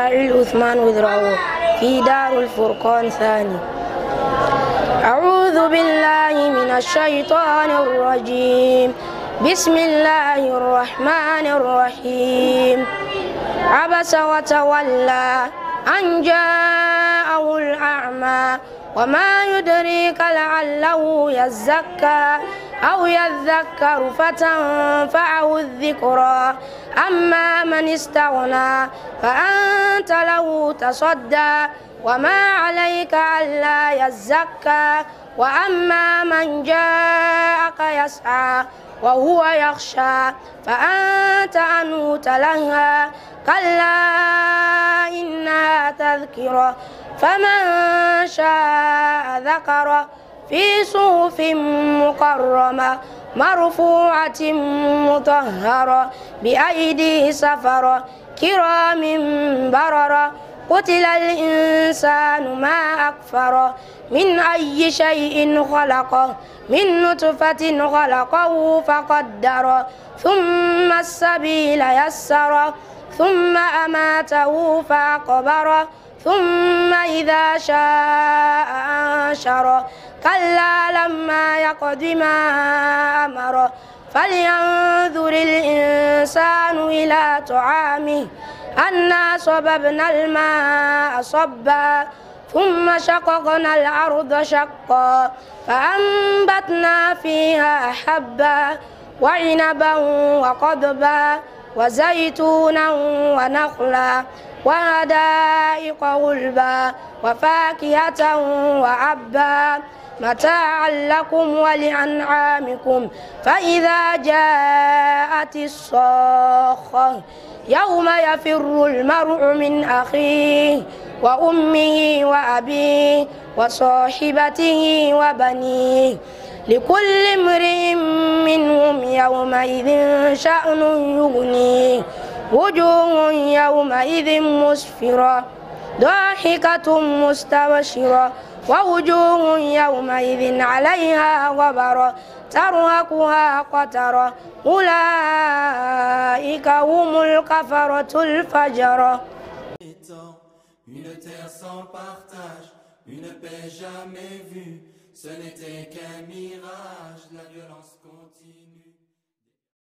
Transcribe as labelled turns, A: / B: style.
A: عثمان وذرعوه في دار الفرقان ثاني أعوذ بالله من الشيطان الرجيم بسم الله الرحمن الرحيم عبس وتولى أن جاءه الأعمى وما يدريك لعله يزكى أو يذكر فتنفعه الذكرى أما من استغنى فأنت له تصدى وما عليك ألا يزكى وأما من جاءك يسعى وهو يخشى فأنت عنه تلهى كلا إنها تذكرة فمن شاء ذكره في صوف مكرمة مرفوعة مطهرة بأيدي سفرة كرام بررة قتل الإنسان ما أكفره من أي شيء خلقه من نطفة خلقه فقدره ثم السبيل يسره ثم أماته فأقبره ثم إذا شاء أنشره كلا لما يقض ما أمر فلينظر الإنسان إلى طعامه أنا صببنا الماء صبا ثم شققنا الأرض شقا فأنبتنا فيها حبا وعنبا وقضبا وزيتونا ونخلا وحدائق غلبا وفاكهة وعبا متاعا لكم ولأنعامكم فإذا جاءت الصاخة يوم يفر المرء من أخيه وأمه وأبيه وصاحبته وبنيه لكل امرئ منهم يومئذ شأن يغنيه وجوه يومئذ مسفرة ضاحكة مستبشرة ووجوه يومئذ عليها غبرة ترهقها قترة أولئك هم الكفرة الفجرة Une terre sans partage, une paix jamais vue, ce n'était qu'un mirage, la violence continue.